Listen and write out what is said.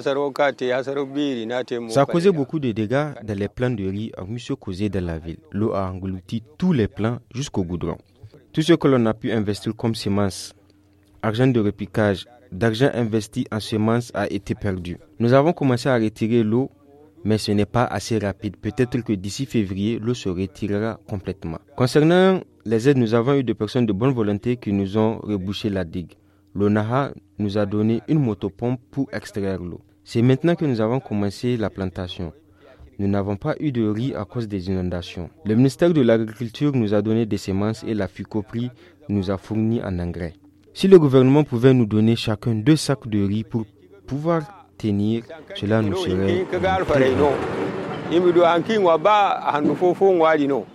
Ça a causé beaucoup de dégâts dans les plans de riz à M. Causé dans la ville. L'eau a englouti tous les plans jusqu'au goudron. Tout ce que l'on a pu investir comme semences, argent de repiquage, d'argent investi en semences a été perdu. Nous avons commencé à retirer l'eau, mais ce n'est pas assez rapide. Peut-être que d'ici février, l'eau se retirera complètement. Concernant les aides, nous avons eu des personnes de bonne volonté qui nous ont rebouché la digue le nous a donné une motopompe pour extraire l'eau. C'est maintenant que nous avons commencé la plantation. Nous n'avons pas eu de riz à cause des inondations. Le ministère de l'Agriculture nous a donné des semences et la FUCOPRI nous a fourni un engrais. Si le gouvernement pouvait nous donner chacun deux sacs de riz pour pouvoir tenir, cela nous serait.